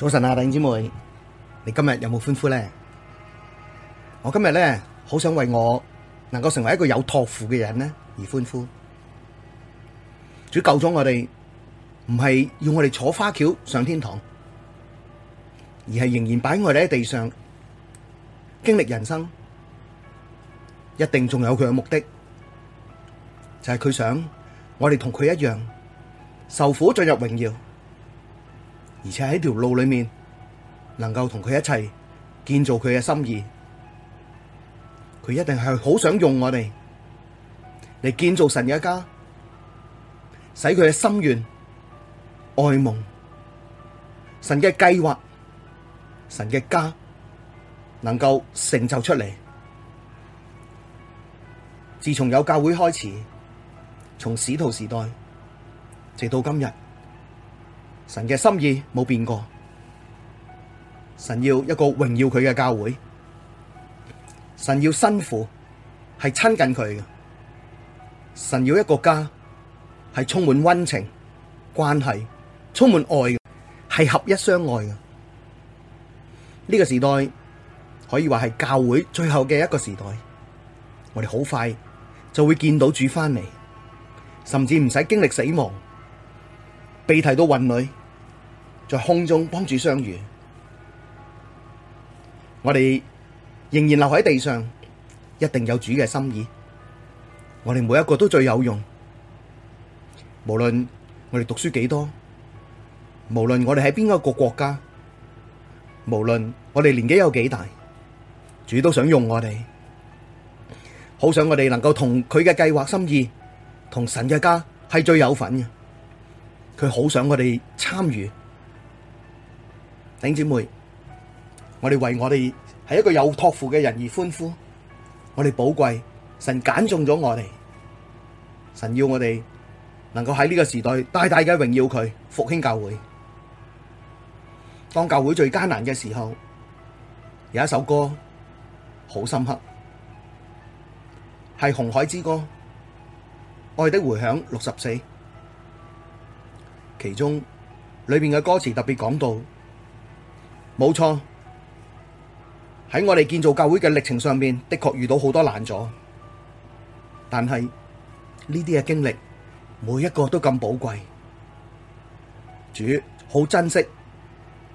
早晨啊，弟兄姊妹，你今日有冇歡呼咧？我今日咧，好想為我能夠成為一個有托付嘅人咧而歡呼。主救咗我哋，唔係要我哋坐花轎上天堂，而係仍然擺我哋喺地上經歷人生，一定仲有佢嘅目的，就係佢想我哋同佢一樣受苦進入榮耀。而且喺條路裏面，能夠同佢一齊建造佢嘅心意，佢一定係好想用我哋嚟建造神嘅家，使佢嘅心願、愛夢、神嘅計劃、神嘅家，能夠成就出嚟。自從有教會開始，從使徒時代直到今日。神嘅心意冇變過，神要一個榮耀佢嘅教會，神要辛苦係親近佢嘅，神要一個家係充滿溫情關係，充滿愛嘅，係合一相愛嘅。呢個時代可以話係教會最後嘅一個時代，我哋好快就會見到主翻嚟，甚至唔使經歷死亡，被提到雲裏在空中幫主相遇，我哋仍然留喺地上，一定有主嘅心意。我哋每一個都最有用，無論我哋讀書幾多，無論我哋喺邊一個國家，無論我哋年紀有幾大，主都想用我哋。好想我哋能夠同佢嘅計劃心意，同神嘅家係最有份嘅。佢好想我哋參與。頂姊妹，我哋為我哋係一個有託付嘅人而歡呼。我哋寶貴，神揀中咗我哋，神要我哋能夠喺呢個時代大大嘅榮耀佢復興教會。當教會最艱難嘅時候，有一首歌好深刻，係《紅海之歌》，愛的回響六十四，其中裏面嘅歌詞特別講到。冇錯，喺我哋建造教會嘅歷程上面，的確遇到好多難阻，但係呢啲嘅經歷每一個都咁寶貴，主好珍惜，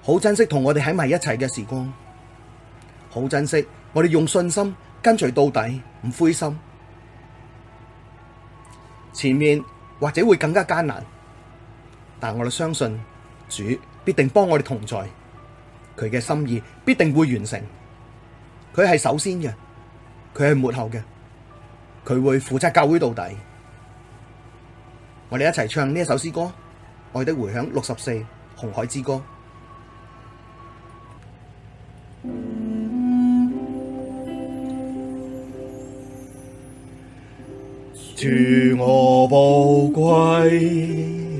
好珍惜同我哋喺埋一齊嘅時光，好珍惜我哋用信心跟隨到底，唔灰心，前面或者會更加艱難，但我哋相信主必定幫我哋同在。佢嘅心意必定會完成，佢係首先嘅，佢係末後嘅，佢會負責教會到底。我哋一齊唱呢一首詩歌《愛的回響》六十四《紅海之歌》。主我寶貴。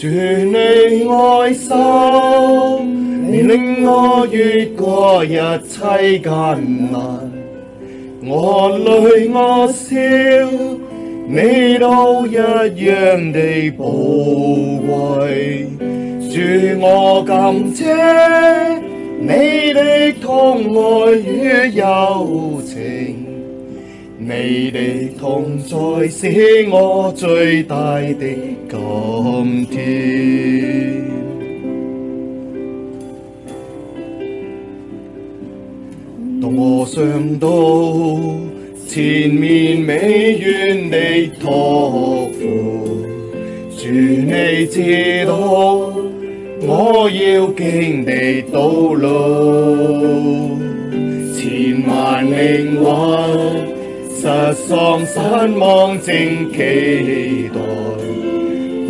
主你愛手領，令我越過一切艱難。我淚我笑，你都一樣的寶貴。主我感謝，你的疼愛與柔情，你的同在，是我最大的。今天，當我想到前面未完的託付，主你知道，我要經的道路，千萬靈魂，失喪，失望，正期待。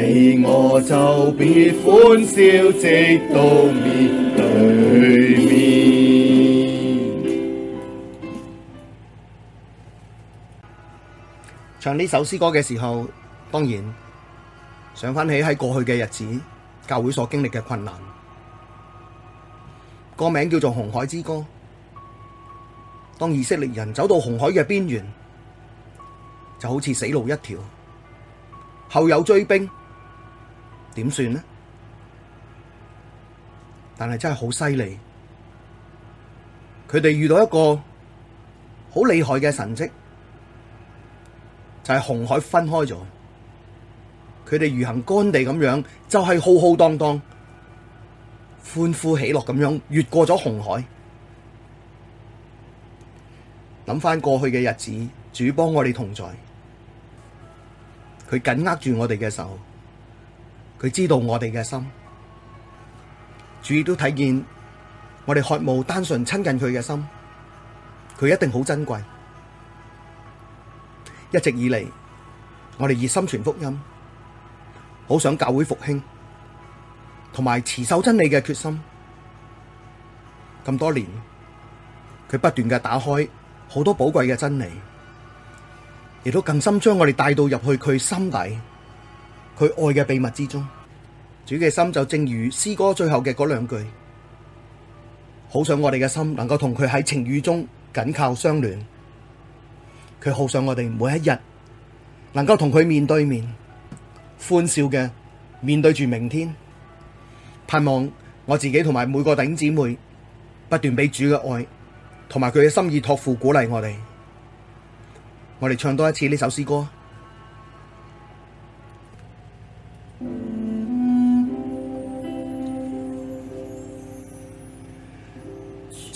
你我就必歡笑，直到面對面。唱呢首詩歌嘅時候，當然想翻起喺過去嘅日子，教會所經歷嘅困難。歌名叫做《紅海之歌》。當以色列人走到紅海嘅邊緣，就好似死路一條，後有追兵。點算呢？但係真係好犀利，佢哋遇到一個好厲害嘅神蹟，就係紅海分開咗，佢哋如行乾地咁樣，就係浩浩蕩蕩、歡呼喜樂咁樣越過咗紅海。諗翻過去嘅日子，主幫我哋同在，佢緊握住我哋嘅手。佢知道我哋嘅心，主亦都睇見我哋渴慕、單純親近佢嘅心，佢一定好珍貴。一直以嚟，我哋熱心傳福音，好想教會復興，同埋持守真理嘅決心。咁多年，佢不斷嘅打開好多寶貴嘅真理，亦都更深將我哋帶到入去佢心底。佢愛嘅秘密之中，主嘅心就正如詩歌最後嘅嗰兩句，想好想我哋嘅心能夠同佢喺晴雨中緊靠相戀。佢好想我哋每一日能夠同佢面對面歡笑嘅面對住明天，盼望我自己同埋每個弟兄姊妹不斷俾主嘅愛同埋佢嘅心意托付鼓勵我哋。我哋唱多一次呢首詩歌。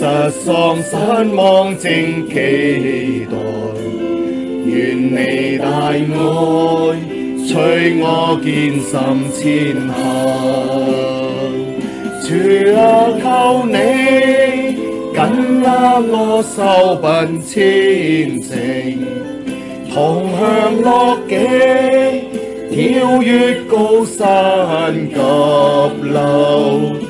失喪失望正期待，願你大愛催我堅心前行。主啊！靠你緊握我手奔前程，同向樂境，跳越高山急流。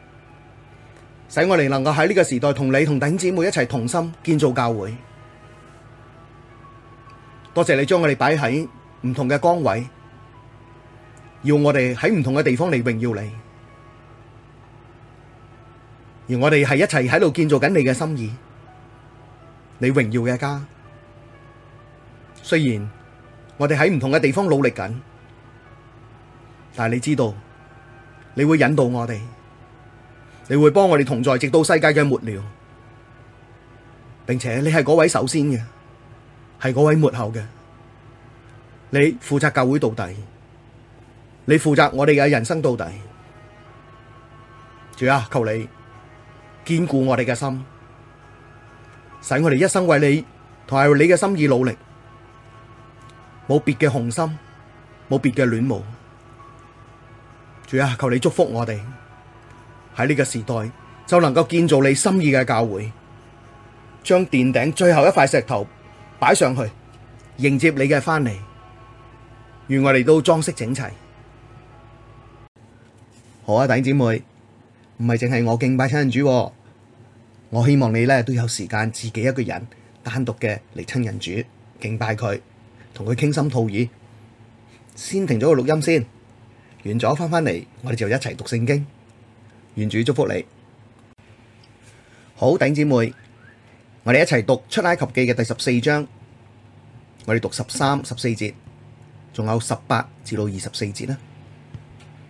使我哋能夠喺呢個時代同你同弟兄姊妹一齊同心建造教會。多謝你將我哋擺喺唔同嘅崗位，要我哋喺唔同嘅地方嚟榮耀你。而我哋係一齊喺度建造緊你嘅心意，你榮耀嘅家。雖然我哋喺唔同嘅地方努力緊，但係你知道你會引導我哋。你會幫我哋同在，直到世界嘅末了，並且你係嗰位首先嘅，係嗰位末後嘅。你負責教會到底，你負責我哋嘅人生到底。主啊，求你堅固我哋嘅心，使我哋一生為你同埋你嘅心意努力，冇別嘅雄心，冇別嘅戀慕。主啊，求你祝福我哋。喺呢個時代就能夠建造你心意嘅教會，將殿頂最後一塊石頭擺上去，迎接你嘅翻嚟。願我哋都裝飾整齊。好啊，弟姐妹，唔係淨係我敬拜親人主啊，我希望你呢都有時間自己一個人單獨嘅嚟親人主敬拜佢，同佢傾心吐意。先停咗個錄音先，完咗翻返嚟，我哋就一齊讀聖經。願主祝福你好，弟兄姊妹，我哋一齊讀出埃及記嘅第十四章，我哋讀十三、十四節，仲有十八至到二十四節啦，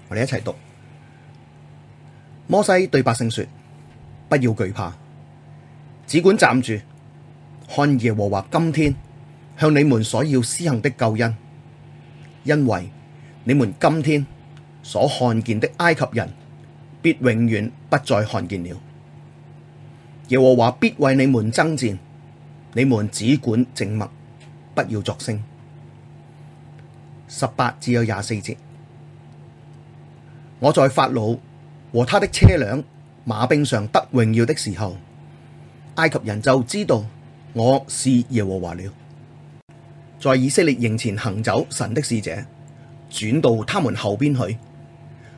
我哋一齊讀。摩西對百姓說：不要懼怕，只管站住，看耶和華今天向你們所要施行的救恩，因為你們今天所看見的埃及人。必永遠不再看見了。耶和華必為你們爭戰，你們只管靜默，不要作聲。十八至有廿四節，節我在法老和他的車輛、馬兵上得榮耀的時候，埃及人就知道我是耶和華了。在以色列營前行走神的使者，轉到他們後邊去，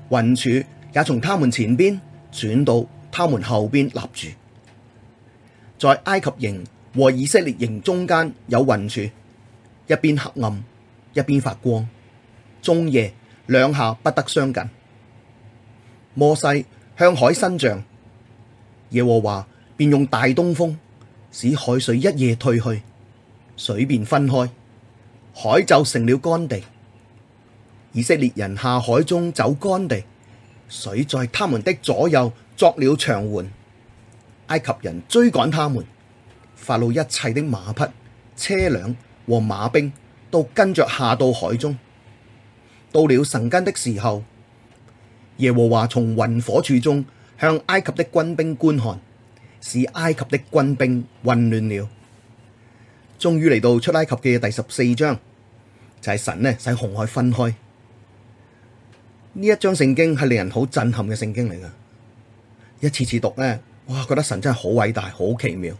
雲柱。也從他們前邊轉到他們後邊立住，在埃及營和以色列營中間有雲柱，一邊黑暗，一邊發光。終夜兩下不得相近。摩西向海伸杖，耶和華便用大東風，使海水一夜退去，水便分開，海就成了乾地。以色列人下海中走乾地。水在他們的左右作了牆垣。埃及人追趕他們，法老一切的馬匹、車輛和馬兵都跟着下到海中。到了晨更的時候，耶和華從雲火柱中向埃及的軍兵觀看，使埃及的軍兵混亂了。終於嚟到出埃及嘅第十四章，就係、是、神呢使紅海分開。呢一章聖經係令人好震撼嘅聖經嚟噶，一次次讀呢，哇，覺得神真係好偉大，好奇妙。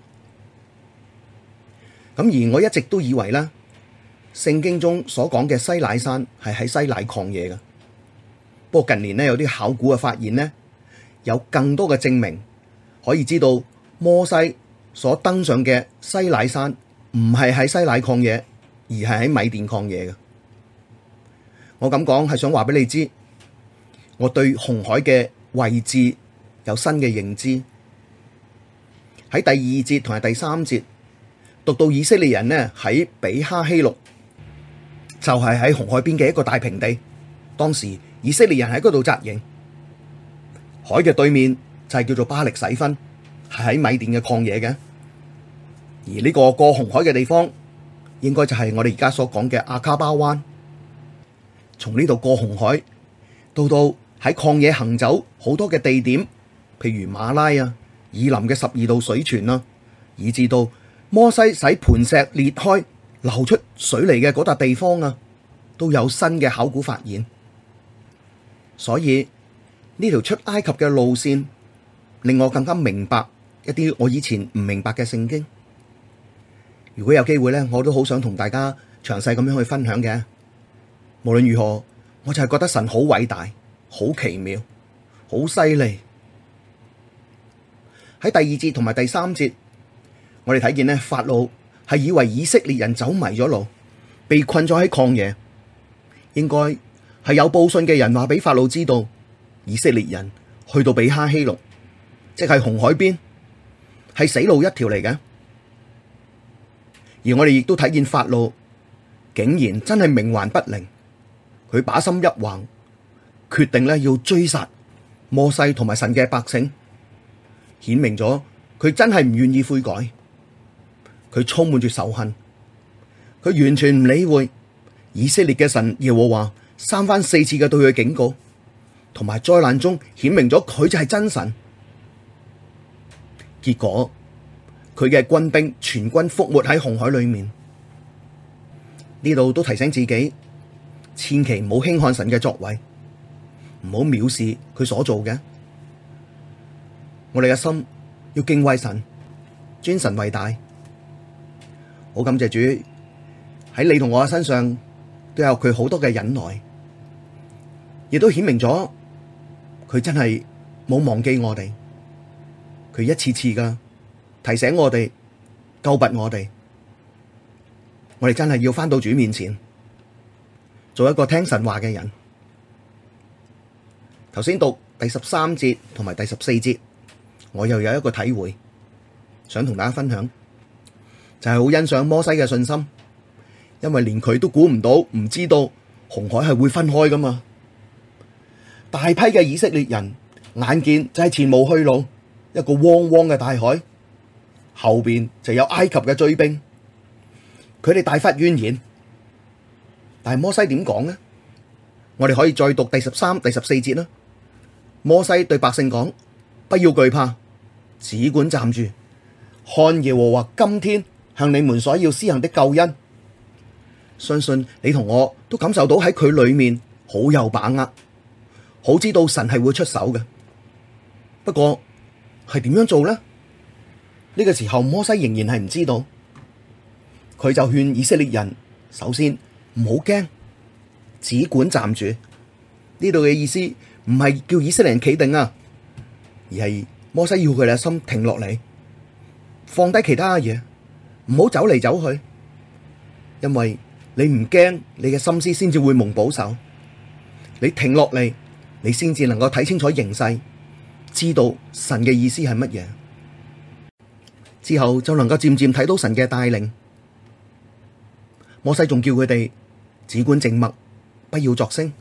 咁而我一直都以為呢聖經中所講嘅西乃山係喺西乃曠野嘅。不過近年呢，有啲考古嘅發現呢，有更多嘅證明可以知道摩西所登上嘅西乃山唔係喺西乃曠野，而係喺米甸曠野嘅。我咁講係想話俾你知。我對紅海嘅位置有新嘅認知。喺第二節同埋第三節讀到以色列人呢，喺比哈希錄，就係喺紅海邊嘅一個大平地。當時以色列人喺嗰度紮營，海嘅對面就係叫做巴力洗分，係喺米甸嘅曠野嘅。而呢個過紅海嘅地方，應該就係我哋而家所講嘅阿卡巴灣。從呢度過紅海到到。喺曠野行走，好多嘅地點，譬如馬拉啊、以林嘅十二道水泉啦，以至到摩西使磐石裂開流出水嚟嘅嗰笪地方啊，都有新嘅考古發現。所以呢條出埃及嘅路線，令我更加明白一啲我以前唔明白嘅聖經。如果有機會呢，我都好想同大家詳細咁樣去分享嘅。無論如何，我就係覺得神好偉大。好奇妙，好犀利！喺第二節同埋第三節，我哋睇見咧，法老係以為以色列人走迷咗路，被困咗喺曠野，應該係有報信嘅人話俾法老知道，以色列人去到比哈希龍，即係紅海邊，係死路一條嚟嘅。而我哋亦都睇見法老竟然真係冥頑不靈，佢把心一橫。決定咧要追殺摩西同埋神嘅百姓，顯明咗佢真係唔願意悔改，佢充滿住仇恨，佢完全唔理會以色列嘅神耶和華三番四次嘅對佢警告，同埋災難中顯明咗佢就係真神。結果佢嘅軍兵全軍覆沒喺紅海裏面。呢度都提醒自己，千祈唔好輕看神嘅作為。唔好藐視佢所做嘅，我哋嘅心要敬畏神，尊神為大。好感謝主，喺你同我嘅身上都有佢好多嘅忍耐，亦都顯明咗佢真係冇忘記我哋，佢一次次噶提醒我哋，救拔我哋。我哋真係要返到主面前，做一個聽神話嘅人。頭先讀第十三節同埋第十四節，我又有一個體會，想同大家分享，就係好欣賞摩西嘅信心，因為連佢都估唔到，唔知道紅海係會分開噶嘛。大批嘅以色列人眼見就係前無去路，一個汪汪嘅大海，後邊就有埃及嘅追兵，佢哋大發怨言，但係摩西點講呢？我哋可以再讀第十三、第十四節啦。摩西對百姓講：不要懼怕，只管站住，看耶和華今天向你們所要施行的救恩。相信你同我都感受到喺佢裏面好有把握，好知道神係會出手嘅。不過係點樣做呢？呢個時候摩西仍然係唔知道，佢就勸以色列人：首先唔好驚，只管站住。呢度嘅意思。唔係叫以色列人企定啊，而係摩西要佢哋嘅心停落嚟，放低其他嘢，唔好走嚟走去。因為你唔驚，你嘅心思先至會蒙保守。你停落嚟，你先至能夠睇清楚形勢，知道神嘅意思係乜嘢之後，就能夠漸漸睇到神嘅帶領。摩西仲叫佢哋只管靜默，不要作聲。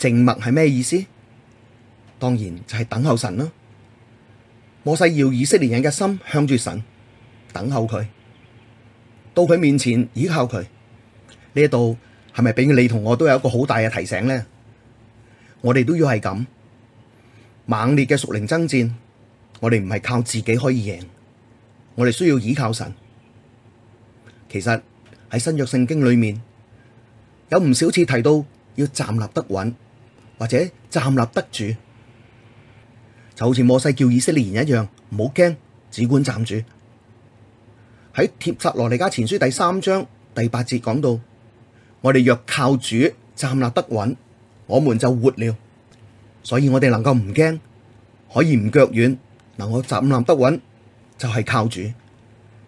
靜默係咩意思？當然就係等候神啦。摩西要以色列人嘅心向住神，等候佢，到佢面前倚靠佢。呢度係咪俾你同我都有一個好大嘅提醒呢？我哋都要係咁猛烈嘅屬靈爭戰，我哋唔係靠自己可以贏，我哋需要倚靠神。其實喺新約聖經裏面，有唔少次提到要站立得穩。或者站立得住，就好似摩西叫以色列人一樣，唔好驚，只管站住。喺帖撒羅尼迦前書第三章第八節講到，我哋若靠主站立得穩，我們就活了。所以我哋能夠唔驚，可以唔腳軟。能夠站立得穩就係、是、靠主，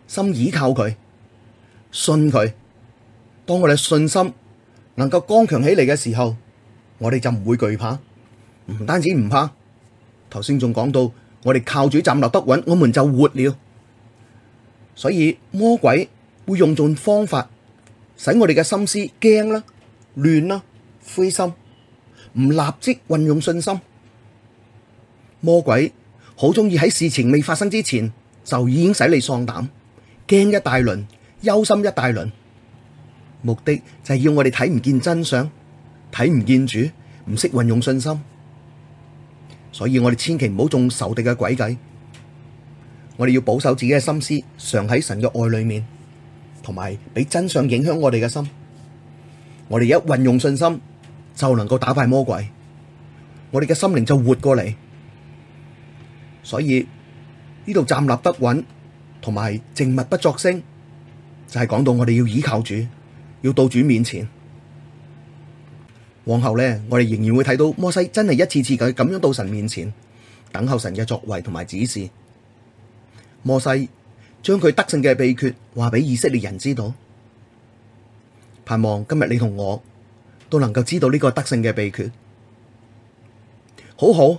心倚靠佢，信佢。當我哋信心能夠剛強起嚟嘅時候。我哋就唔會懼怕，唔單止唔怕，頭先仲講到，我哋靠住站立得穩，我們就活了。所以魔鬼會用盡方法，使我哋嘅心思驚啦、亂啦、灰心，唔立即運用信心。魔鬼好鍾意喺事情未發生之前就已經使你喪膽、驚一大輪、憂心一大輪，目的就係要我哋睇唔見真相。睇唔見主，唔識運用信心，所以我哋千祈唔好中仇敵嘅詭計。我哋要保守自己嘅心思，常喺神嘅愛裏面，同埋俾真相影響我哋嘅心。我哋一運用信心，就能夠打敗魔鬼。我哋嘅心靈就活過嚟。所以呢度站立不穩，同埋靜默不作聲，就係講到我哋要倚靠主，要到主面前。往後呢，我哋仍然會睇到摩西真係一次次咁咁樣到神面前等候神嘅作為同埋指示。摩西將佢得勝嘅秘訣話俾以色列人知道，盼望今日你同我都能夠知道呢個得勝嘅秘訣。好好，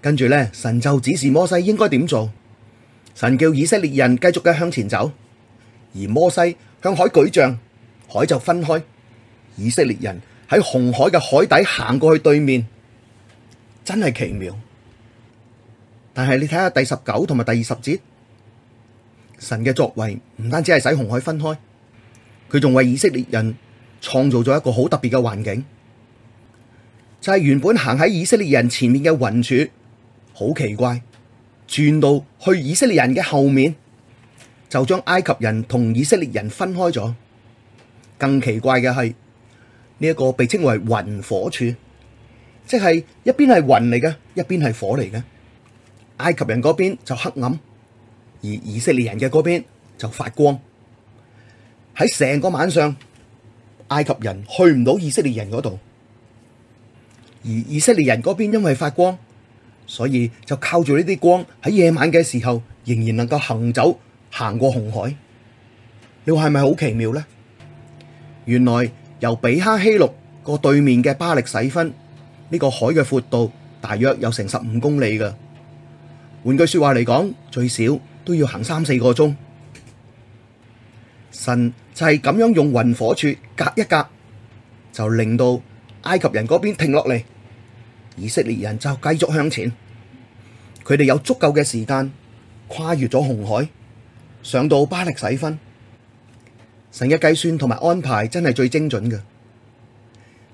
跟住呢，神就指示摩西應該點做。神叫以色列人繼續嘅向前走，而摩西向海舉杖，海就分開，以色列人。喺紅海嘅海底行過去對面，真係奇妙。但係你睇下第十九同埋第二十節，神嘅作為唔單止係使紅海分開，佢仲為以色列人創造咗一個好特別嘅環境，就係、是、原本行喺以色列人前面嘅雲柱，好奇怪，轉到去以色列人嘅後面，就將埃及人同以色列人分開咗。更奇怪嘅係。呢一個被稱為雲火柱，即係一邊係雲嚟嘅，一邊係火嚟嘅。埃及人嗰邊就黑暗，而以色列人嘅嗰邊就發光。喺成個晚上，埃及人去唔到以色列人嗰度，而以色列人嗰邊因為發光，所以就靠住呢啲光，喺夜晚嘅時候，仍然能夠行走，行過紅海。你話係咪好奇妙呢？原來。由比哈希錄過對面嘅巴力洗分呢，這個海嘅闊度大約有成十五公里嘅，換句話說話嚟講，最少都要行三四個鐘。神就係咁樣用雲火柱隔一隔，就令到埃及人嗰邊停落嚟，以色列人就繼續向前，佢哋有足夠嘅時間跨越咗紅海，上到巴力洗分。神嘅計算同埋安排真係最精準嘅。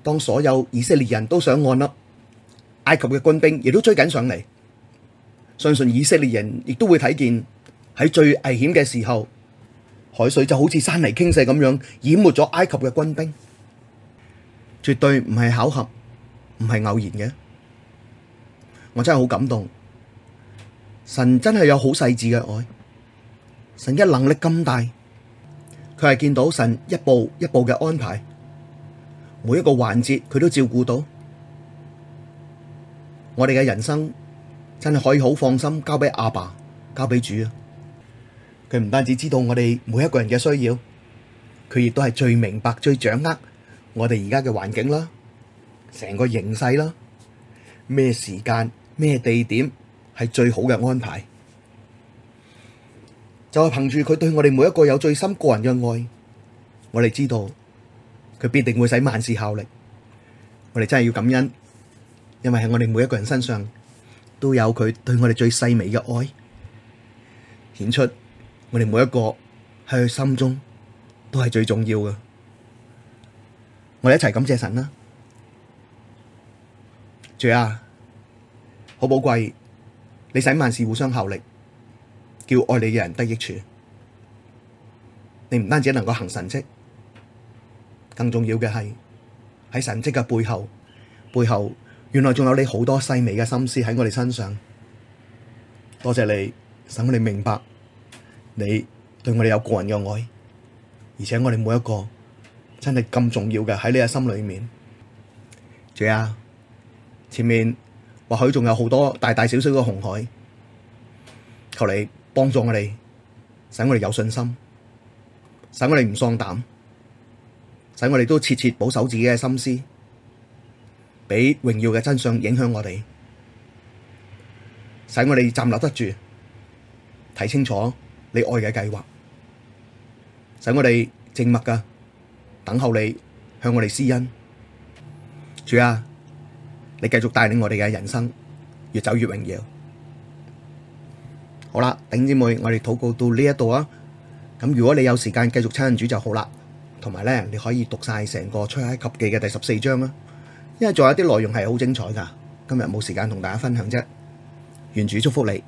當所有以色列人都上岸啦，埃及嘅軍兵亦都追緊上嚟。相信以色列人亦都會睇見，喺最危險嘅時候，海水就好似山泥傾瀉咁樣淹沒咗埃及嘅軍兵。絕對唔係巧合，唔係偶然嘅。我真係好感動，神真係有好細緻嘅愛，神嘅能力咁大。.佢係見到神一步一步嘅安排，每一個環節佢都照顧到。我哋嘅人生真係可以好放心交俾阿爸，交俾主啊！佢唔單止知道我哋每一個人嘅需要，佢亦都係最明白、最掌握我哋而家嘅環境啦，成個形勢啦，咩時間、咩地點係最好嘅安排。就係憑住佢對我哋每一個有最深個人嘅愛，我哋知道佢必定會使萬事效力。我哋真係要感恩，因為喺我哋每一個人身上都有佢對我哋最細微嘅愛，顯出我哋每一個喺佢心中都係最重要嘅。我哋一齊感謝神啦，主啊，好寶貴，你使萬事互相效力。叫愛你嘅人得益處，你唔單止能夠行神蹟，更重要嘅係喺神蹟嘅背後，背後原來仲有你好多細微嘅心思喺我哋身上。多謝你，使我哋明白你對我哋有個人嘅愛，而且我哋每一個真係咁重要嘅喺你嘅心裏面。主啊，前面或許仲有好多大大小小嘅紅海，求你。幫助我哋，使我哋有信心，使我哋唔喪膽，使我哋都切切保守自己嘅心思，畀榮耀嘅真相影響我哋，使我哋站立得住，睇清楚你愛嘅計劃，使我哋靜默噶，等候你向我哋施恩。主啊，你繼續帶領我哋嘅人生，越走越榮耀。好啦，頂姐妹，我哋禱告到呢一度啊。咁如果你有時間繼續親近主就好啦。同埋咧，你可以讀晒成個出埃及記嘅第十四章啊，因為仲有啲內容係好精彩噶。今日冇時間同大家分享啫。願主祝福你。